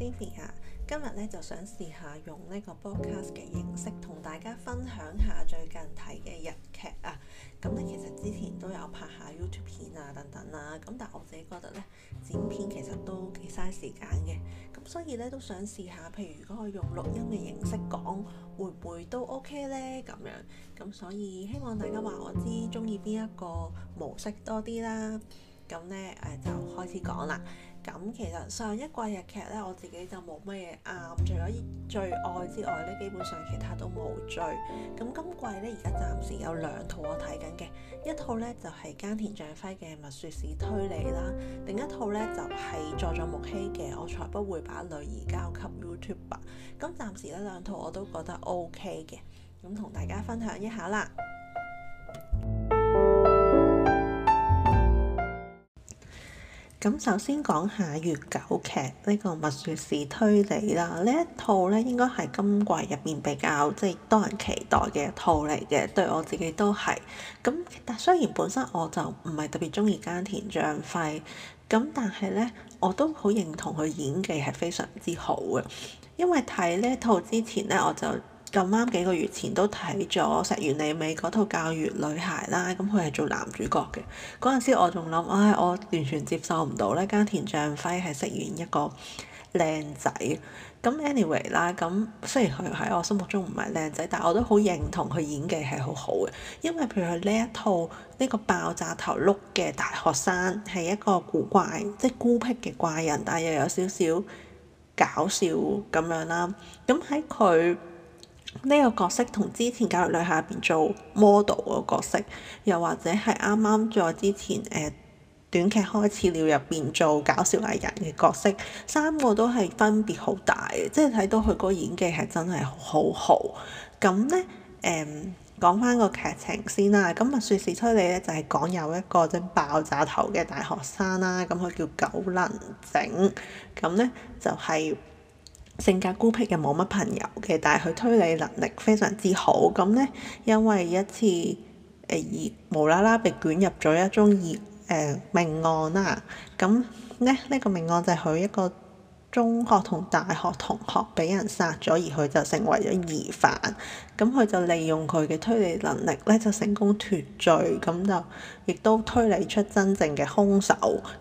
啊，今日咧就想試下用呢個 Podcast 嘅形式同大家分享下最近睇嘅日劇啊。咁、嗯、咧其實之前都有拍下 YouTube 片啊等等啦、啊，咁但係我自己覺得咧剪片其實都幾嘥時間嘅，咁所以咧都想試下，譬如如果我用錄音嘅形式講，會唔會都 OK 咧咁樣？咁所以希望大家話我知中意邊一個模式多啲啦。咁咧誒就開始講啦。咁其實上一季日劇咧我自己就冇乜嘢啱，除咗《最愛》之外咧，基本上其他都冇追。咁今季咧而家暫時有兩套我睇緊嘅，一套咧就係、是、菅田將暉嘅《勿說是推理》啦，另一套咧就係佐佐木希嘅《我才不會把女兒交給 YouTuber》。咁暫時呢兩套我都覺得 OK 嘅，咁同大家分享一下啦。咁首先講下《月九劇》呢個《勿說是推理》啦，呢一套咧應該係今季入邊比較即係多人期待嘅一套嚟嘅，對我自己都係。咁但雖然本身我就唔係特別中意菅田將暉，咁但係咧我都好認同佢演技係非常之好嘅，因為睇呢一套之前咧我就。咁啱幾個月前都睇咗《石原里美》嗰套校閱女孩啦，咁佢係做男主角嘅。嗰陣時我仲諗，唉、哎，我完全接受唔到咧。菅田將暉係飾演一個靚仔咁。anyway 啦，咁雖然佢喺我心目中唔係靚仔，但係我都好認同佢演技係好好嘅。因為譬如佢呢一套呢、這個爆炸頭碌嘅大學生係一個古怪即孤僻嘅怪人，但係又有少少搞笑咁樣啦。咁喺佢。呢個角色同之前《教育女孩》入邊做 model 個角色，又或者係啱啱在之前誒、呃、短劇開始了入邊做搞笑藝人嘅角色，三個都係分別好大嘅，即係睇到佢嗰個演技係真係好好。咁呢，誒講返個劇情先啦。咁《勿說是推理》呢，就係講有一個即爆炸頭嘅大學生啦，咁佢叫久能整，咁呢，就係。性格孤僻嘅冇乜朋友嘅，但係佢推理能力非常之好。咁咧，因為一次誒而、欸、無啦啦被捲入咗一宗熱誒、呃、命案啦。咁咧，呢、這個命案就係佢一個。中學同大學同學俾人殺咗，而佢就成為咗疑犯。咁佢就利用佢嘅推理能力咧，就成功脫罪。咁就亦都推理出真正嘅兇手。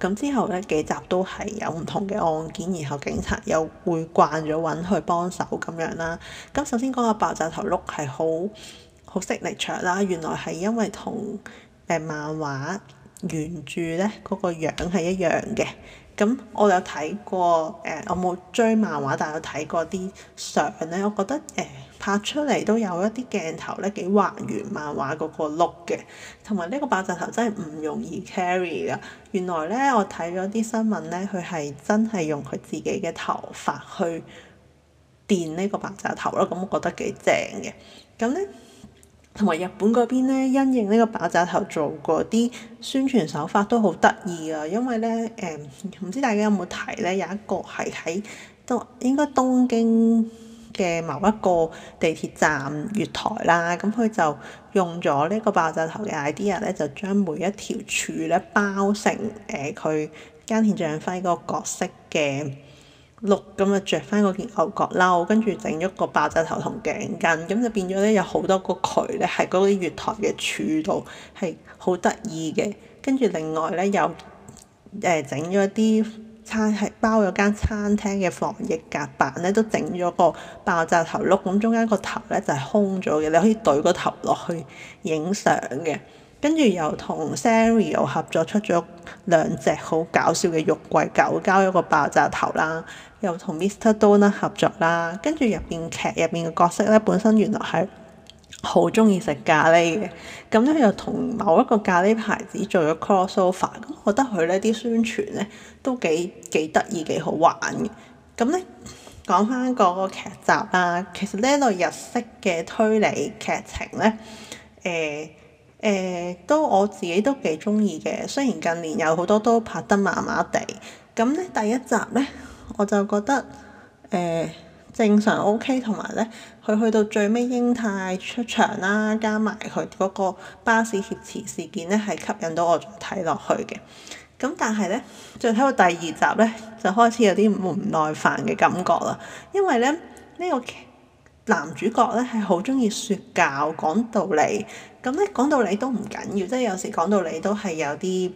咁之後咧幾集都係有唔同嘅案件，然後警察又會慣咗揾佢幫手咁樣啦。咁首先嗰個爆炸頭碌係好好識力場啦，原來係因為同、呃、漫畫原著咧嗰、嗰個樣係一樣嘅。咁我有睇過，誒、呃、我冇追漫畫，但有睇過啲相咧。我覺得誒、呃、拍出嚟都有一啲鏡頭咧幾還原漫畫嗰個 look 嘅，同埋呢個爆炸頭真係唔容易 carry 噶。原來咧我睇咗啲新聞咧，佢係真係用佢自己嘅頭髮去電呢個爆炸頭咯。咁我覺得幾正嘅，咁咧。同埋日本嗰邊咧，因應呢個爆炸頭做過啲宣傳手法都好得意啊！因為咧，誒、嗯、唔知大家有冇睇咧，有一個係喺東應該東京嘅某一個地鐵站月台啦。咁佢就用咗呢個爆炸頭嘅 idea 咧，就將每一條柱咧包成誒佢菅田將暉個角色嘅，碌咁啊！着翻嗰件牛角褸，跟住整咗個爆炸頭同頸巾，咁就變咗咧有好多個渠咧，係嗰啲月台嘅柱度係好得意嘅。跟住另外咧又誒整咗啲餐係包咗間餐廳嘅防疫夾板咧，都整咗個爆炸頭碌，咁中間個頭咧就係空咗嘅，你可以對個頭落去影相嘅。跟住又同 Sanrio 合作出咗兩隻好搞笑嘅玉桂狗，交一個爆炸頭啦。又同 Mr. Donut 合作啦，跟住入邊劇入邊嘅角色咧，本身原來係好中意食咖喱嘅，咁、嗯、咧又同某一個咖喱牌子做咗 crossover，咁覺得佢呢啲宣傳咧都幾幾得意幾好玩嘅。咁、嗯、咧講翻嗰個劇集啦，其實呢類日式嘅推理劇情咧，誒、欸、誒、欸、都我自己都幾中意嘅，雖然近年有好多都拍得麻麻地，咁、嗯、咧第一集咧。我就覺得誒、呃、正常 O K，同埋咧，佢去到最尾英泰出場啦、啊，加埋佢嗰個巴士挾持事件咧，係吸引到我睇落去嘅。咁但係咧，再睇到第二集咧，就開始有啲唔耐煩嘅感覺啦。因為咧呢、呢個男主角咧係好中意説教講道理，咁咧講，講道理都唔緊要，即係有時講道理都係有啲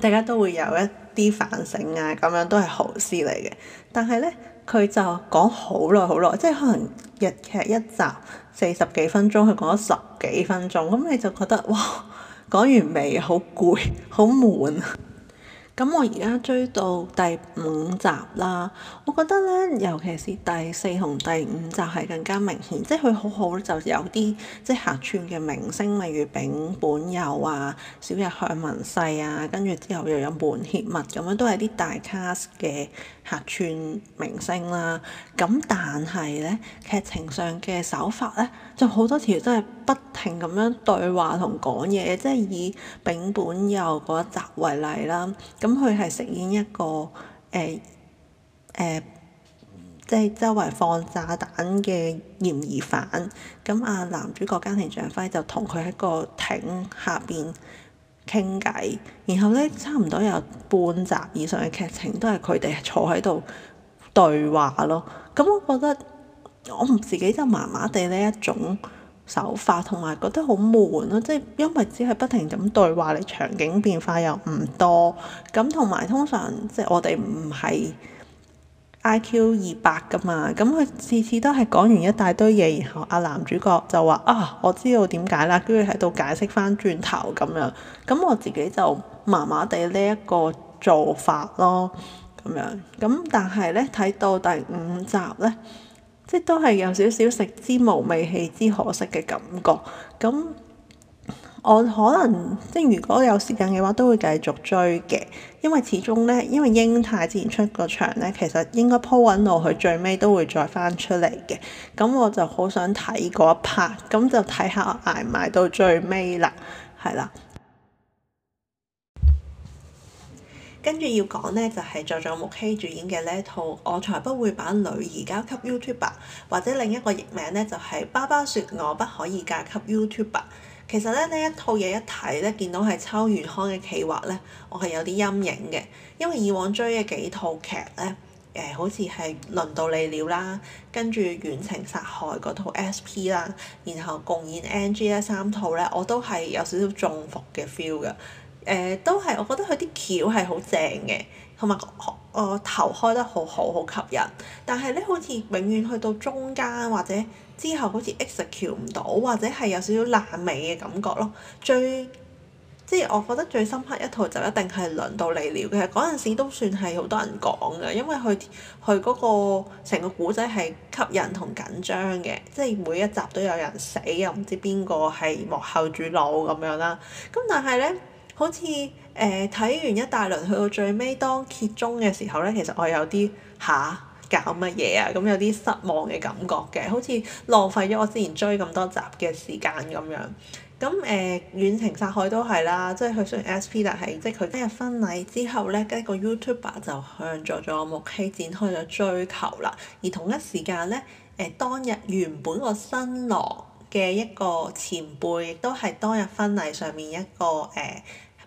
大家都會有一啲反省啊，咁樣都係好事嚟嘅。但係咧，佢就講好耐好耐，即係可能日劇一集四十幾分鐘，佢講咗十幾分鐘，咁你就覺得哇，講完未？好攰，好悶。咁我而家追到第五集啦，我覺得咧，尤其是第四同第五集係更加明顯，即係佢好好就有啲即係客串嘅明星，例如柄本佑啊、小日向文世啊，跟住之後又有門脇麥咁樣，都係啲大 cast 嘅客串明星啦。咁但係咧，劇情上嘅手法咧，就好多時都係不停咁樣對話同講嘢，即係以柄本佑嗰一集為例啦。咁佢係飾演一個誒誒、欸欸，即係周圍放炸彈嘅嫌疑犯。咁、嗯、啊，男主角菅田將暉就同佢喺個艇下邊傾偈，然後咧，差唔多有半集以上嘅劇情都係佢哋坐喺度對話咯。咁、嗯、我覺得我唔自己就麻麻地呢一種手法同埋覺得好悶咯，即係因為只係不停咁對話，你場景變化又唔多，咁同埋通常即係、就是、我哋唔係 IQ 二百㗎嘛，咁佢次次都係講完一大堆嘢，然後阿男主角就話啊，我知道點解啦，跟住喺度解釋返轉頭咁樣，咁我自己就麻麻地呢一個做法咯，咁樣，咁但係咧睇到第五集咧。即都係有少少食之無味、棄之可惜嘅感覺，咁我可能即如果有時間嘅話，都會繼續追嘅。因為始終咧，因為英泰之前出過場咧，其實應該鋪穩路，佢最尾都會再翻出嚟嘅。咁我就好想睇嗰一 part，咁就睇下我捱唔捱到最尾啦，係啦。跟住要講咧，就係佐佐木希主演嘅呢一套《我才不會把女兒而交給 YouTuber》，或者另一個譯名咧，就係、是《爸爸說我不可以嫁給 YouTuber》。其實咧，呢一套嘢一睇咧，見到係秋元康嘅企劃咧，我係有啲陰影嘅，因為以往追嘅幾套劇咧，誒好似係《輪到你了》啦，跟住《遠程殺害》嗰套 SP 啦，然後共演 NG 咧三套咧，我都係有少少中伏嘅 feel 嘅。誒、呃、都係，我覺得佢啲橋係好正嘅，同埋個頭開得好好，好吸引。但係咧，好似永遠去到中間或者之後，好似 exit 橋唔到，或者係有少少爛尾嘅感覺咯。最即係我覺得最深刻一套就一定係《輪到你了》，其實嗰陣時都算係好多人講嘅，因為佢佢嗰個成個古仔係吸引同緊張嘅，即係每一集都有人死，又唔知邊個係幕後主腦咁樣啦。咁但係咧～好似誒，睇完一大輪去到最尾當揭盅嘅時候咧，其實我有啲嚇，搞乜嘢啊！咁、嗯、有啲失望嘅感覺嘅，好似浪費咗我之前追咁多集嘅時間咁樣。咁誒、呃、遠程殺害都係啦，即係佢雖然 S.P. 但係即係佢今日婚禮之後咧，跟一個 YouTuber 就向佐佐木希展開咗追求啦。而同一時間咧，誒、呃、當日原本個新郎嘅一個前輩，亦都係當日婚禮上面一個誒、呃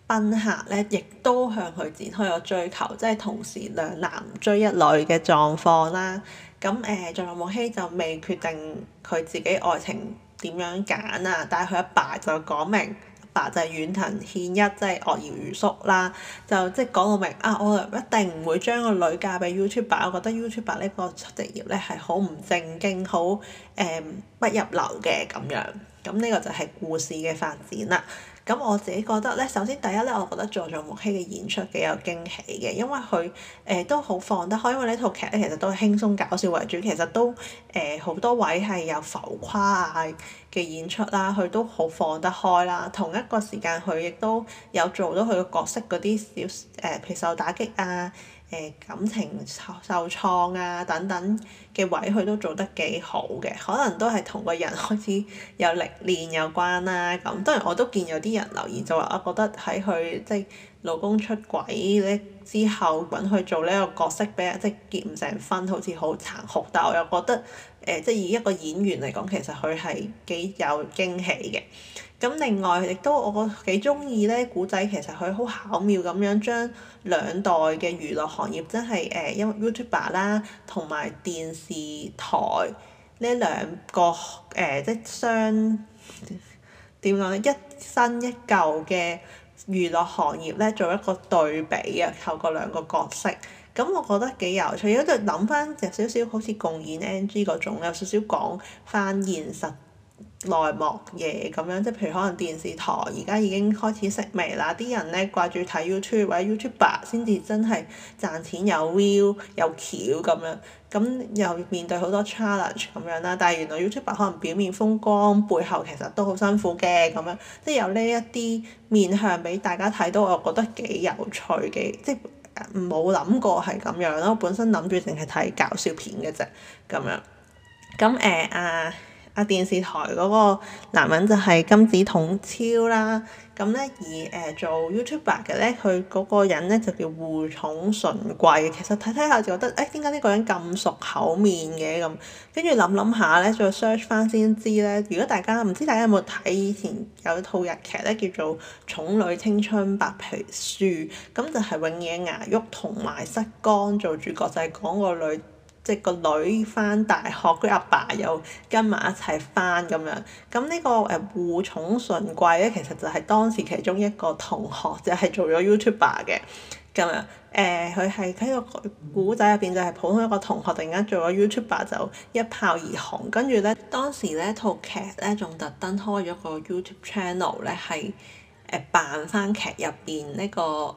賓客咧，亦都向佢展開咗追求，即係同時兩男追一女嘅狀況啦。咁誒，仲、呃、有木希就未決定佢自己愛情點樣揀啊。但係佢阿爸就講明，阿爸，爸就係遠藤憲一，即係惡爺如叔啦。就即係講到明啊，我一定唔會將個女嫁俾 YouTuber。我覺得 YouTuber 呢個職業咧係好唔正經，好誒、嗯、不入流嘅咁樣。咁呢個就係故事嘅發展啦。咁我自己覺得咧，首先第一咧，我覺得佐佐木希嘅演出幾有驚喜嘅，因為佢誒、呃、都好放得開，因為呢套劇咧其實都係輕鬆搞笑為主，其實都誒好、呃、多位係有浮誇啊嘅演出啦，佢都好放得開啦。同一個時間佢亦都有做到佢個角色嗰啲小誒，譬、呃、如受打擊啊。誒感情受受創啊，等等嘅位，佢都做得幾好嘅，可能都係同個人開始有歷練有關啦。咁當然我都見有啲人留言就話，我覺得喺佢即係老公出軌咧之後揾佢做呢個角色，俾人即係結唔成婚，好似好殘酷。但係我又覺得誒，即係以一個演員嚟講，其實佢係幾有驚喜嘅。咁另外亦都我幾中意咧古仔，其實佢好巧妙咁樣將兩代嘅娛樂行業，真係誒因為 YouTuber 啦同埋電視台呢兩個誒、呃、即係相點講咧，一新一舊嘅娛樂行業咧做一個對比啊，透過兩個角色。咁我覺得幾有趣，如果為諗翻就少少好似共演 NG 嗰種有少少講翻現實。內幕嘢咁樣，即係譬如可能電視台而家已經開始熄微啦，啲人咧掛住睇 YouTube 或者，YouTuber 先至真係賺錢有 view 有橋咁樣，咁又面對好多 challenge 咁樣啦。但係原來，YouTuber 可能表面風光，背後其實都好辛苦嘅咁樣，即係有呢一啲面向俾大家睇到，我覺得幾有趣嘅，即係冇諗過係咁樣咯。本身諗住淨係睇搞笑片嘅啫，咁樣。咁誒啊！Uh, 啊！電視台嗰個男人就係金子統超啦，咁咧而誒做 YouTuber 嘅咧，佢嗰個人咧就叫互寵純貴。其實睇睇下就覺得，誒點解呢個人咁熟口面嘅咁？跟住諗諗下咧，再 search 翻先知咧。如果大家唔知，大家有冇睇以前有套日劇咧，叫做《寵女青春白皮書》，咁就係、是、永野芽郁同埋室剛做主角，就係、是、講個女。即係個女翻大學，佢阿爸，爸又跟埋一齊翻咁樣。咁、這個呃、呢個誒互寵純貴咧，其實就係當時其中一個同學就係、是、做咗 YouTuber 嘅咁樣。誒、呃，佢係喺個古仔入邊就係普通一個同學，突然間做咗 YouTuber 就一炮而紅。跟住咧，當時咧套劇咧仲特登開咗個 YouTube channel 咧，係誒、呃、扮翻劇入邊呢個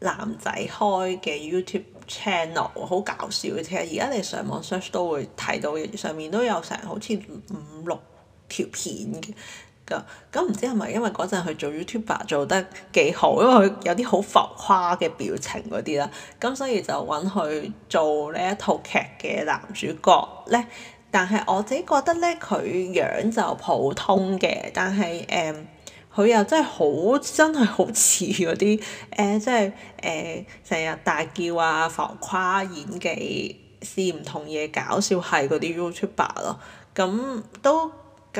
男仔開嘅 YouTube。Channel 好搞笑嘅，其實而家你上網 search 都會睇到上面都有成好似五六條片嘅咁，唔、嗯、知係咪因為嗰陣佢做 YouTuber 做得幾好，因為佢有啲好浮誇嘅表情嗰啲啦，咁、嗯、所以就揾佢做呢一套劇嘅男主角咧。但係我自己覺得咧，佢樣就普通嘅，但係誒。嗯佢又真係好，真係好似嗰啲誒，即係誒，成日大叫啊、浮誇演技試唔同嘢、搞笑係嗰啲 YouTuber 咯，咁都。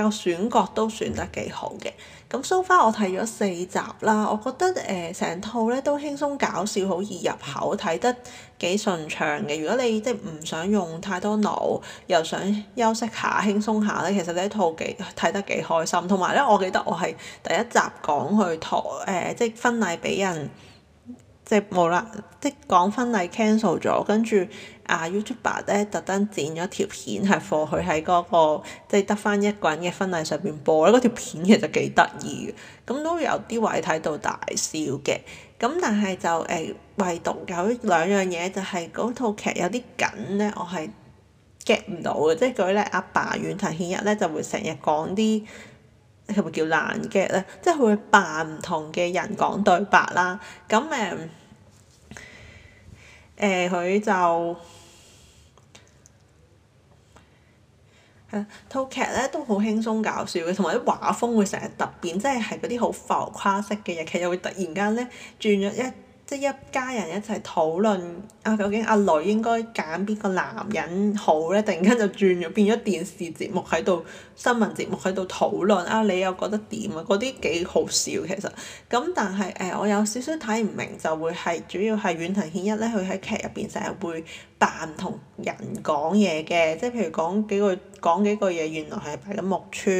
個選角都選得幾好嘅，咁 So far 我睇咗四集啦，我覺得誒成、呃、套咧都輕鬆搞笑，好易入口，睇得幾順暢嘅。如果你即係唔想用太多腦，又想休息下、輕鬆下咧，其實呢一套幾睇得幾開心。同埋咧，我記得我係第一集講去台誒、呃、即係婚禮俾人。即係冇啦，即係講婚禮 cancel 咗，跟住啊 YouTuber 咧特登剪咗條片係放佢喺嗰個即係得返一個人嘅婚禮上邊播，嗰條片其實幾得意嘅，咁都有啲位睇到大笑嘅，咁但係就誒、欸、唯獨有兩樣嘢就係、是、嗰套劇有啲緊咧，我係 get 唔到嘅，即係舉例阿爸，爸遠藤憲一咧就會成日講啲。佢咪叫爛劇咧，即係佢會扮唔同嘅人講對白啦。咁誒誒，佢、呃、就套、這個、劇咧都好輕鬆搞笑嘅，同埋啲畫風會成日突變，即係係嗰啲好浮誇式嘅嘢，劇又會突然間咧轉咗一。一家人一齊討論啊，究竟阿女應該揀邊個男人好咧？突然間就轉咗，變咗電視節目喺度，新聞節目喺度討論啊，你又覺得點啊？嗰啲幾好笑其實。咁但係誒、呃，我有少少睇唔明，就會係主要係遠藤憲一咧，佢喺劇入邊成日會扮同人講嘢嘅，即係譬如講幾句講幾句嘢，原來係扮緊木村。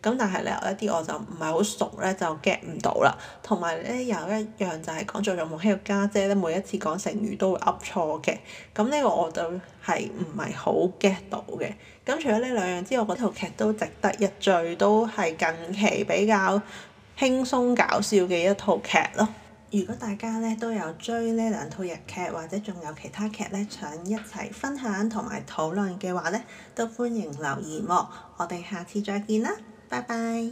咁但係咧，有一啲我就唔係好熟咧，就 get 唔到啦。同埋咧，有一樣就係講佐佐木希嘅家姐咧，每一次講成語都會噏錯嘅。咁呢個我就係唔係好 get 到嘅。咁除咗呢兩樣之外，我覺得套劇都值得一追，都係近期比較輕鬆搞笑嘅一套劇咯。如果大家咧都有追呢兩套日劇，或者仲有其他劇咧想一齊分享同埋討論嘅話咧，都歡迎留言喎、哦。我哋下次再見啦，拜拜。